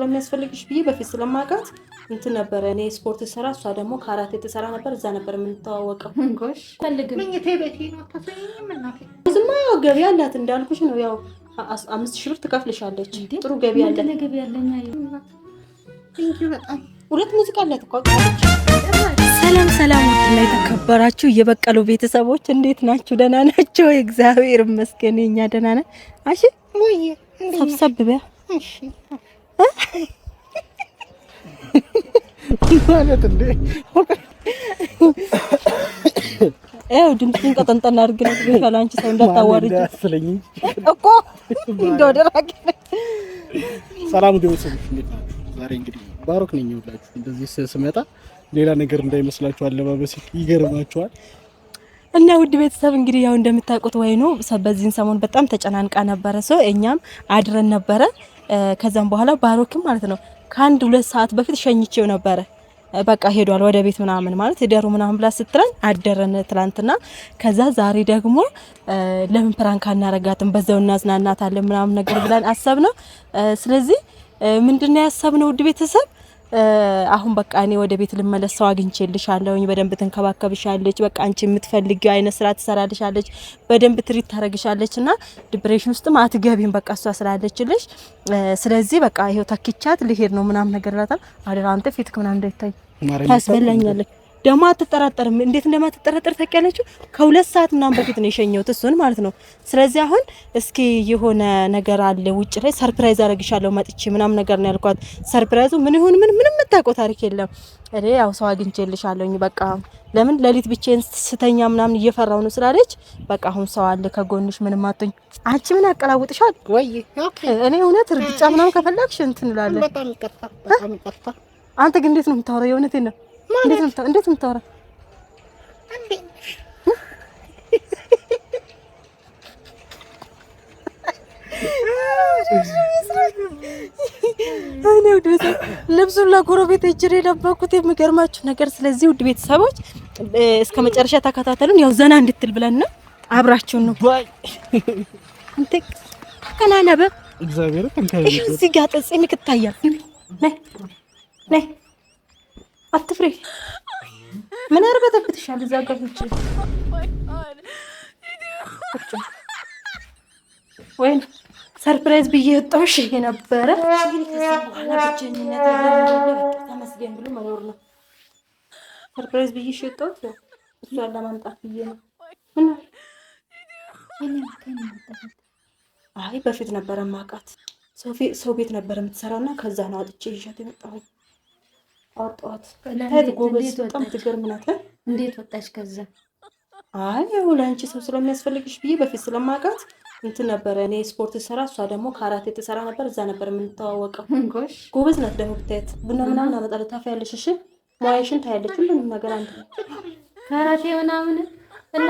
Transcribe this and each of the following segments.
ስለሚያስፈልግሽ ብዬ በፊት ስለማውቃት እንትን ነበረ። እኔ ስፖርት ስራ፣ እሷ ደግሞ ካራቴ ትሰራ ነበር። እዛ ነበር የምንተዋወቀው። ዝማ ያው ገቢ አላት እንዳልኩሽ ነው። ያው አምስት ሺህ ብር ትከፍልሻለች። ጥሩ ገቢ አለ። ሁለት ሙዚቃ አላት እኮ ሰላም ሰላም፣ ውድና የተከበራችሁ የበቀሉ ቤተሰቦች እንዴት ናችሁ? ደህና ናቸው። እግዚአብሔር ይመስገን፣ እኛ ደህና ነን። አሺ ሰብሰብ በያ ማለት እንደ ይኸው ድምፅሽን ቀጠንጠን አድርግ ነው አንቺ ሰው እንዳታዋርጂ እኮ እንደው ደራቂ ሰላም ዲወስ ዛሬ እንግዲህ ባሮክ ነኝ ይውላችሁ። እንደዚህ ስመጣ ሌላ ነገር እንዳይመስላችሁ አለባበስ ይገርማችኋል። እና ውድ ቤተሰብ እንግዲህ ያው እንደምታውቁት ወይኑ በዚህን ሰሞን በጣም ተጨናንቃ ነበረ ሰው እኛም አድረን ነበረ ከዛም በኋላ ባሮክም ማለት ነው ከአንድ ሁለት ሰዓት በፊት ሸኝቼው ነበረ። በቃ ሄዷል ወደ ቤት ምናምን ማለት ደሩ ምናምን ብላ ስትለን አደረን ትላንትና። ከዛ ዛሬ ደግሞ ለምን ፕራንክ አናረጋትም በዛው እናዝናናታለን ምናምን ነገር ብለን አሰብነው። ስለዚህ ምንድነው ያሰብነው ውድ ቤተሰብ አሁን በቃ እኔ ወደ ቤት ልመለስ፣ ሰው አግኝቼልሻለሁኝ፣ በደንብ ትንከባከብሻለች፣ በቃ አንቺ የምትፈልጊው አይነት ስራ ትሰራልሻለች፣ በደንብ ትሪት ታረግሻለች እና ዲፕሬሽን ውስጥም አትገቢም፣ በቃ እሷ ስላለችልሽ፣ ስለዚህ በቃ ይሄው ተክቻት ልሄድ ነው ምናምን ነገር ላታል አደራ አንተ ፊትክ ምናምን እንዳይታይ ታስበላኛለች ደግሞ አትጠራጠርም። እንዴት እንደማትጠራጠር ታውቂያለችሁ? ከሁለት ሰዓት ምናምን በፊት ነው የሸኘሁት እሱን ማለት ነው። ስለዚህ አሁን እስኪ የሆነ ነገር አለ ውጭ ላይ ሰርፕራይዝ አደረግሻለሁ መጥቼ ምናምን ነገር ነው ያልኳት። ሰርፕራይዙ ምን ይሁን ምን ምንም የምታውቀው ታሪክ የለም። እኔ ያው ሰው አግኝቼልሻለሁኝ በቃ ለምን ሌሊት ብቻዬን ስተኛ ምናምን እየፈራው ነው ስላለች፣ በቃ አሁን ሰው አለ ከጎንሽ ምንም አትሆኝ። አንቺ ምን ያቀላውጥሻል ወይ? እኔ እውነት እርግጫ ምናምን ከፈለግሽ እንትን እላለን። አንተ ግን እንዴት ነው የምታወራው? የእውነቴን ነው እንዴት የምታወራ እኔ ውድ ቤተሰብ ልብሱን ለጎረቤት እጅር የደበኩት የሚገርማችሁ ነገር። ስለዚህ ውድ ቤተሰቦች እስከ መጨረሻ ተከታተሉን። ያው ዘና እንድትል ብለን ነው አብራችሁን ነው ተከናነበ እግዚአብሔር እዚህ ጋር ጥጽ የሚክታያል ነይ ነይ አትፍሬ። ምን ያርበተብትሻል? እዛ ጋፍች ወይም ሰርፕራይዝ ብዬ ወጣሁሽ የነበረ ብቸኝነት ተመስገን ብሎ መኖር ነው። ሰርፕራይዝ ብዬ የወጣሁት እሷ ለማምጣት ብዬ ነው። አይ በፊት ነበረ ማውቃት ሰው ቤት ነበረ የምትሰራው እና ከዛ ነው አጥቼ ይዣት የመጣሁት። አወጣኋት። ጎበዝ፣ በጣም ትገርም ናት። እንዴት ወጣች? ከዛ አይ ይኸው ለአንቺ ሰው ስለሚያስፈልግሽ ብዬ በፊት ስለማውቃት እንትን ነበረ። እኔ ስፖርት ስራ፣ እሷ ደግሞ ካራቴ የተሰራ ነበር። እዛ ነበር የምንተዋወቀው። ጎበዝ ናት ደግሞ ብታየት። ቡና ምናምን አመጣለሁ። ታፈያለሽ? እሺ፣ ሙያሽን ታያለች። ሁሉንም ነገር አንድ ካራቴ ምናምን እና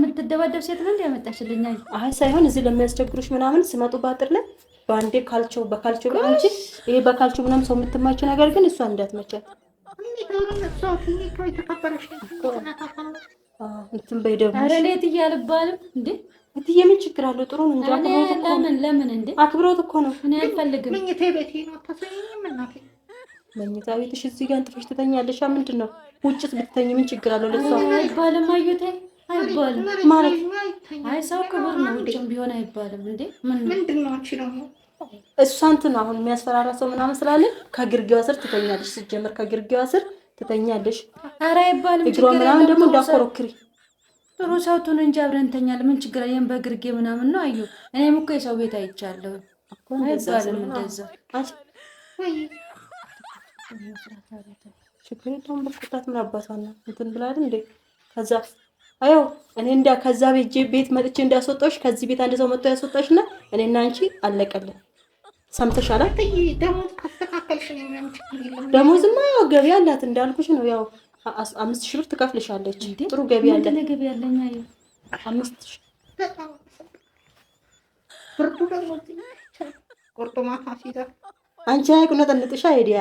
የምትደባደብ ሴት ነው እንዲ ያመጣችልኛ? አይ ሳይሆን እዚህ ለሚያስቸግሩሽ ምናምን ስመጡ በአጥር ላይ በአንዴ ካልቾ በካልቾ አንቺ ይሄ በካልቸው ምናምን ሰው የምትማቸው ነገር ግን እሷ እንዳትመቻት እንትን በይ ደግሞ። ኧረ እኔ እትዬ አልባልም እንዴ እትዬ ምን ችግር አለው? ጥሩ ነው እንጂ ለምን ለምን እንዴ አክብሮት እኮ ነው። እኔ አልፈልግም። መኝታ ቤትሽ እዚህ ጋር እንጥፈሽ ትተኛለሽ። ምንድን ነው ውጭስ ብትተኝ ምን ችግር አለው? ለሷ አይባልም። አዩቴ አይባልም ማለት አይ ሰው ክብር ነው። ውጭም ቢሆን አይባልም እንዴ ምን ምንድን ነው ነው እሷንት ነው አሁን የሚያስፈራራ ሰው ምናምን ስላለ ከግርጌዋ ስር ትተኛለሽ። ስትጀምር ከግርጌዋ ስር ትተኛለሽ። ኧረ አይባልም። እግሯ ምናምን ደግሞ እንዳኮረክሪ ጥሩ ሰው ትሁን እንጂ አብረን እንተኛለን። ምን ችግር አየን? በግርጌ ምናምን ነው አዩ። እኔም እኮ የሰው ቤት አይቻለሁ። አይባልም እንደዛ። ችግር የለውም። በፍቅራት ምን አባቷና እንትን ብላል እንዴ ከዛ አየው እኔ እንዳ ከዛ ቤት መጥቼ እንዲያስወጣሽ ከዚህ ቤት አንድ ሰው መጥቶ ያስወጣሽ ያስወጣሽና እኔና አንቺ አለቀልን። ሰምተሻል? ደሞዝማ ያው ገቢ አላት እንዳልኩሽ ነው። ያው አምስት ሺህ ብር ትከፍልሻለች። ጥሩ ገቢ አንቺ ሀይቅ ነጠንጥሻ ሄዲያ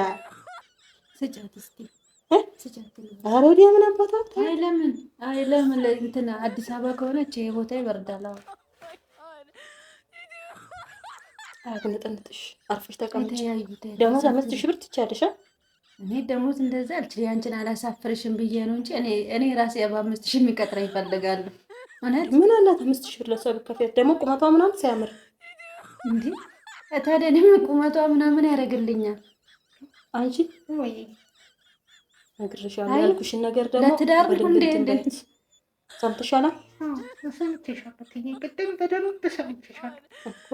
ምን ለምን ለምን እንትን አዲስ አበባ ከሆነች ቦታ ይበርዳል። አያቅንጥንጥሽ አርፈሽ ተቀምጪ። ደሞዝ አምስት ሺህ ብር ትቻለሽ። እኔ ደሞዝ አልችል ያንችን አላሳፍርሽም ብዬ ነው እንጂ እኔ ራሴ በአምስት ሺህ የሚቀጥረኝ ይፈልጋሉ። እውነት ምን አላት አምስት ሺህ ብር ለሷ ደግሞ ቁመቷ ምናምን ሲያምር እንዴ! ታዲያ እኔም ቁመቷ ምናምን ያደርግልኛል። አንቺ ወይ ያልኩሽን ነገር ደግሞ ለትዳር እንዴ እንዴት ሰምተሻላ? ሰምተሻል ቅድም በደንብ እኮ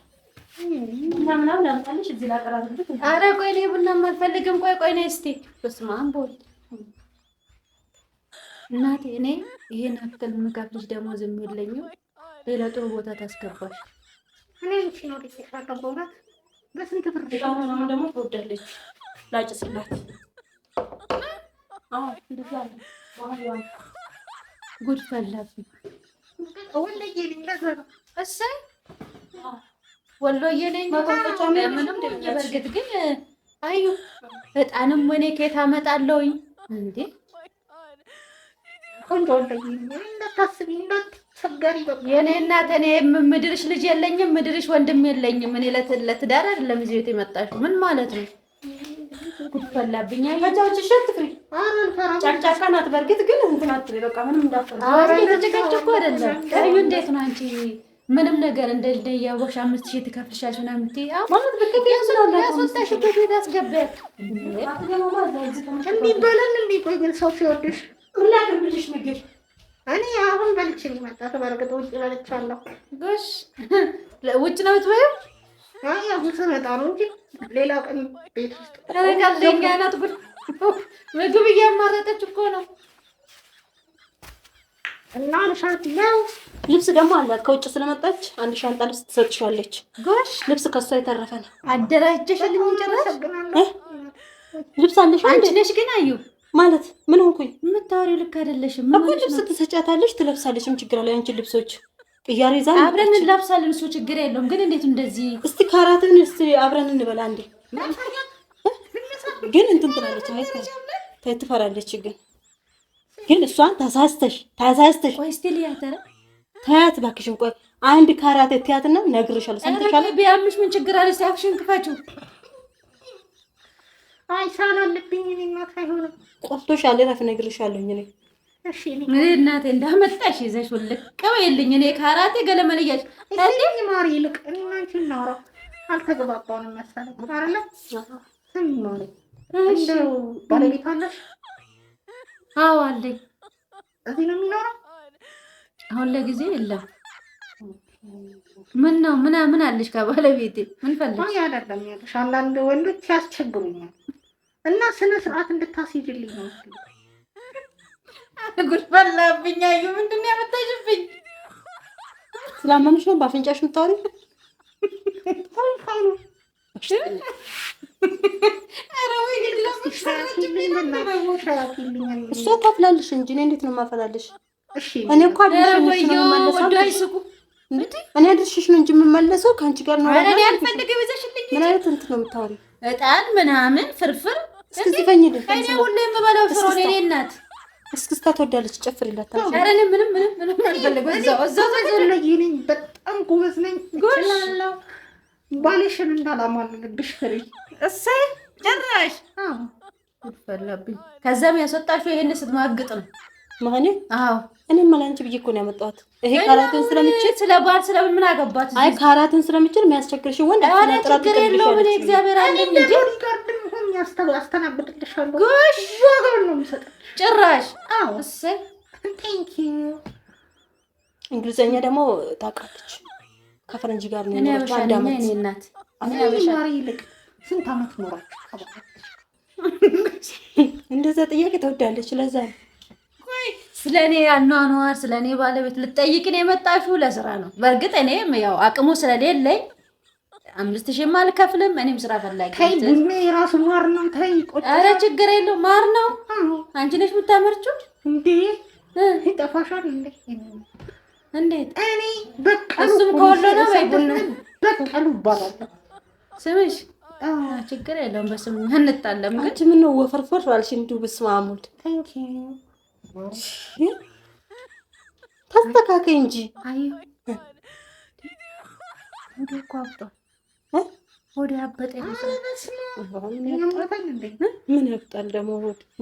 አረ ቆይ እኔ ቡናም አልፈልግም። ቆይ ቆይ ነይ እስኪ። በስመ አብ በወልድ እናቴ፣ እኔ ይሄን አክል ደግሞ ዝም የለኝም። ሌላ ጥሩ ቦታ ታስገባሽ። በስንት ብር ደግሞ ትወዳለች። ላጭስላት ጉድ ፈላብኝ። እሰይ ወሎዬ ነኝ። ምንም በእርግጥ ግን አዩ እጣንም ወኔ ከየት አመጣለሁኝ እንዴ? ቆንጆ እንዳታስቢ እንዳትቸገሪ። የኔ እናት እኔ ምድርሽ ልጅ የለኝም፣ ምድርሽ ወንድም የለኝም። እኔ ለትዳር አይደለም እዚህ ቤት የመጣሽው። ምን ማለት ነው? ጉድፈላብኛ በእርግጥ ግን እንትን አትበይ። በቃ ምንም እንዳፈ ተጨቃጭ አይደለም። ቀዩ እንዴት ነው አንቺ ምንም ነገር እንደ ልደያወሽ አምስት ሺህ ትከፍልሻለሽ ምናምን ብትይ ያስወጣሽበት ቤት አስገባል የሚባለን እንዲቆይ ግን ሰው ሲወድሽ ምላግብልሽ ምግብ እኔ አሁን በልቼ መጣሁ። በእርግጥ ውጭ በልቻለሁ። ጎሽ ውጭ ነው የምትበይው? አሁን ስመጣ ነው እንጂ ሌላ ቀን ቤት ውስጥ ረጋለኛ ናት። ምግብ እያማረጠች እኮ ነው እና ሻንት ነው ልብስ ደግሞ አላት። ከውጭ ስለመጣች አንድ ሻንጣ ልብስ ትሰጥሻለች። ጎሽ ልብስ ከሷ የተረፈ ነው። አደራጀሽልኝ። ጨረሽ ልብስ አለሽ አንቺ ነሽ። ግን አዩ ማለት ምን ሆንኩኝ? የምታወሪው ልክ አይደለሽም እኮ። ልብስ ትሰጫታለሽ፣ ትለብሳለች። ምን ችግር አለ? አንቺ ልብሶች ቅያሬ ይዛ አብረን እንለብሳለን። እሱ ችግር የለውም። ግን እንዴት እንደዚህ እስቲ ካራትን እስቲ አብረን እንበላ እንዴ። ግን እንትን ትላለች፣ ትፈራለች ግን ግን እሷን ተሳስተሽ ተሳስተሽ ተያት እባክሽን። ቆይ አንድ ካራት ትያትና ነግርሻለሁ። ሰምተሻለሁ። ቢያምሽ ምን ችግር አለ? ሲያፍሽን ክፈችው። አይሳን አለብኝ እናት አይሆንም። ቆርቶሻል። እረፍ፣ ነግርሻለሁ እኔ እናቴ እንዳመጣሽ ይዘሽ ልቅ በይልኝ። እኔ ካራቴ ገለመለያሽ ማሪ ይልቅ እናንቺ እናውራ። አልተግባባውንም መሰለኝ። አለ ስሚ ማሪ፣ እንደው ባለቤት አለሽ? አዎ አለኝ። እዚህ ነው የሚኖረው። አሁን ለጊዜ የለም። ምን ነው ምን ምን አለሽ? ከባለቤቴ ምን ፈልግሽ? አይደለም ያለሽ አንዳንድ ወንዶች ያስቸግሩኛል እና ስነ ስርዓት እንድታስይድልኝ ነው። ጉድ በላብኝ። አዩ ምንድን ነው ያመጣሽብኝ? ስላመምሽ ነው በአፍንጫሽ የምታወሪው? እሷ ታፍላለሽ እንጂ እኔ እንዴት ነው የማፈላልሽ? እኔ እኮ እኔ አድርሽሽ ነው እንጂ የምመለሰው ከአንቺ ጋር ነው። ምን አይነት እንትን ነው የምታወሪው? እጣን ምናምን ፍርፍር እስክዝፈኝ ድ እስክስታ ትወዳለች። ጨፍሪላት። ምንም ምንም ምንም በጣም ጎበዝ ነኝ። ባሌሽን እንዳላማልልብሽ ፍሪ እሰይ ጭራሽ ይፈላብኝ። ከዛም ያስወጣሽው ይሄን ስትማግጥ ነው ማኔ። አዎ እኔም አላንቺ ብዬ እኮ ነው ያመጣሁት። ይሄ ካራትን ስለምችል ስለ ባል ስለምን ምን አገባት? አይ ካራትን ስለምችል የሚያስቸግርሽ ወንድ አለ ጥራት ችግር የለውም። እኔ እግዚአብሔር አለ እንጂ ሪጋርድም ጎሽ ዋጋው ነው የምሰጥሽ። ጭራሽ አዎ እሰይ ቴንኪዩ። እንግሊዘኛ ደግሞ ታውቃለች ከፈረንጅ ጋር ነው ያለው። አንድ አመት እናት ማሪ ይልቅ ስንት አመት ኖራችሁ? እንደዛ ጥያቄ ተወዳለች። ለዛ ነው ስለ እኔ አኗኗር ስለ እኔ ባለቤት ልጠይቅን የመጣችሁ ለስራ ነው። በእርግጥ እኔም ያው አቅሙ ስለሌለኝ አምስት ሺህም አልከፍልም። እኔም ስራ ፈላጊ የራሱ ማር ነው። ተይ ኧረ ችግር የለው ማር ነው። አንቺ ነሽ የምታመርችው እንዴ? ይጠፋሻል እንዴ? እንዴት እኔ በቀሉ ከወሎ ነው ወይ በቀሉ ይባላል ስምሽ? ችግር የለውም በስሙ እንጣለም። ግን ምን ነው ወፈርፈር አልሽ? እንዲሁ በስመ ተስተካከይ እንጂ አይ ወደ አበጠ ምን ያብጣል ደግሞ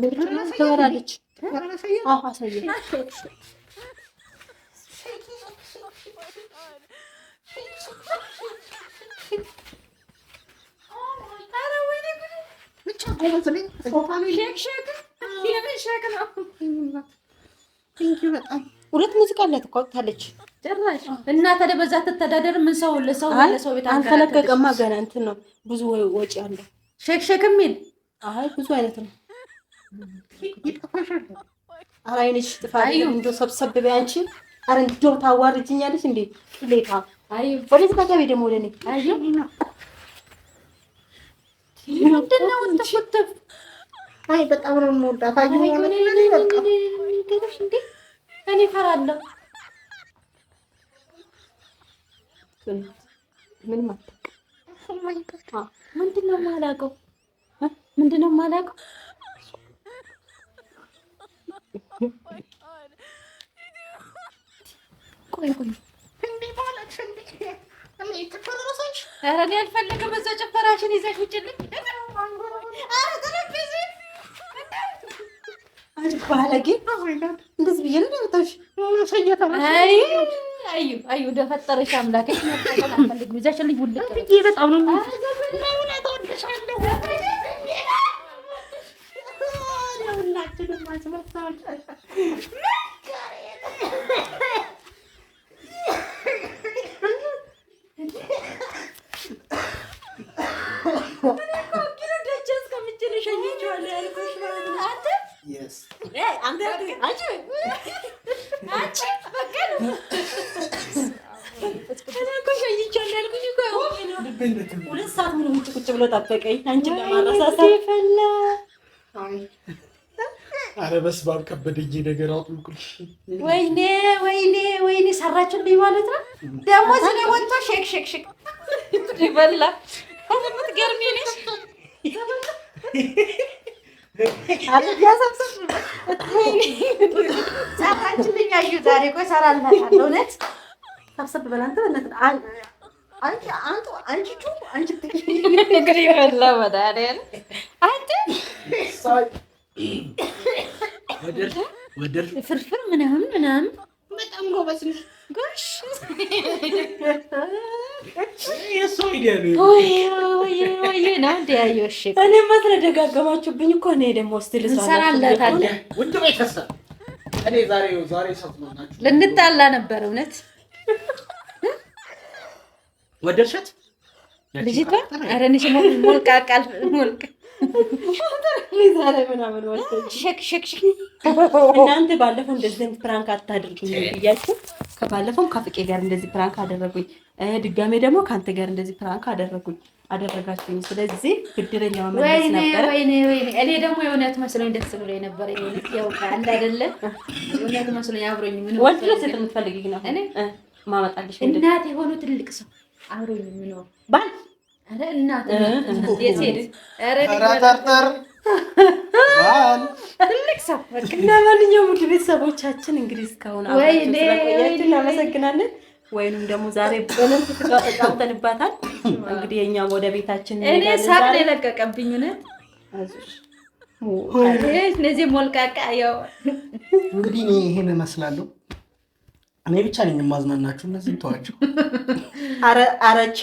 ወደ ትበላለች። ሁለት ሙዚቃ አላት እኮ አውጥታለች። ጭራሽ እና ታዲያ ትተዳደር ምን ሰው ለሰው ለሰው ቤት አልተለቀቀማ። ገና እንትን ነው ብዙ ወጪ አለው። ሼክ ሼክ የሚል አይ ብዙ አይነት ነው። ኧረ ጥፋ። እንደው ሰብሰብ በይ አንቺ። ኧረ ታዋርጅኛለሽ እንዴ ሌታ ወደዚህ በገቢ ደግሞ ወደ እኔ ነው አይ በጣም ነው የምወዳት። እኔ እፈራለሁ። ምንድን ነው የማላውቀው? ምንድን ነው የማላውቀው? ቆይ ቆይ ኧረ እኔ አልፈለግም። እዛ ጭፈራሽን ይዘሽ ውጭልኝ። ባለጌ እንደዚህ ብዬሽ ብሎ ጠበቀኝ። አንቺ ለማረሳሳት ፈላ። አረ በስመ አብ ከበደኝ ነገር አውጥልኩልሽ። ወይኔ ወይኔ ወይኔ ሰራችልኝ ማለት ነው። ደግሞ ስለ ወጥቶ ሼክ ሼክ ሼክ ይበላ ምትገርሚ ነሽ። ሰራችልኝ። አዩ ዛሬ ቆይ ሰራ ልመጣለሁ። እውነት ሰብሰብ በላንተ በነት አንቺ አንቱ አንቺ ቹ አንቺ ነገር ይፈላ መዳሪያን አንቺ ወደር ወደር ፍርፍር ምናምን ምናምን በጣም ጎበዝ ነው። ጎሽ እኔማ ስለደጋገማችሁብኝ እኮ እኔ ደግሞ ስትል እንሰራላታለን። እኔ ዛሬ ዛሬ ልንጣላ ነበር እውነት ወደድሻት? ልጅቷ አረንሽ ሞልቃቃል እናንተ ባለፈው እንደዚህ ፕራንክ አታድርጉኝ ብያቸው ከባለፈውም ከፍቄ ጋር እንደዚህ ፕራንክ አደረጉኝ። ድጋሜ ደግሞ ከአንተ ጋር እንደዚህ ፕራንክ አደረጉኝ አደረጋችሁኝ። ስለዚህ ግድረኛ መመለስ ነበረ። እኔ ደግሞ የእውነት መስሎኝ ደስ ብሎ የነበረ አንድ አይደለ እውነት መስሎኝ አብሮኝ ምን ወድ ሴት የምትፈልግ ነው እኔ ማመጣልሽ እናት የሆኑ ትልቅ ሰው አብሮ የሚኖር ባል ኧረ እናት ተርተር ትልቅ ሰው ለማንኛውም ውድ ቤተሰቦቻችን እንግዲህ እስካሁን አብራችሁ እናመሰግናለን። ወይንም ደግሞ ዛሬ በምን ተጫውተንባታል። እንግዲህ የእኛም ወደ ቤታችን እኔ ሳቅ ነው የለቀቀብኝ እነዚህ ሞልቃቃ ያው እንግዲህ ይሄን እመስላለሁ። እኔ ብቻ ነኝ የማዝናናችሁ። እነዚህ ተዋቸው አረቻ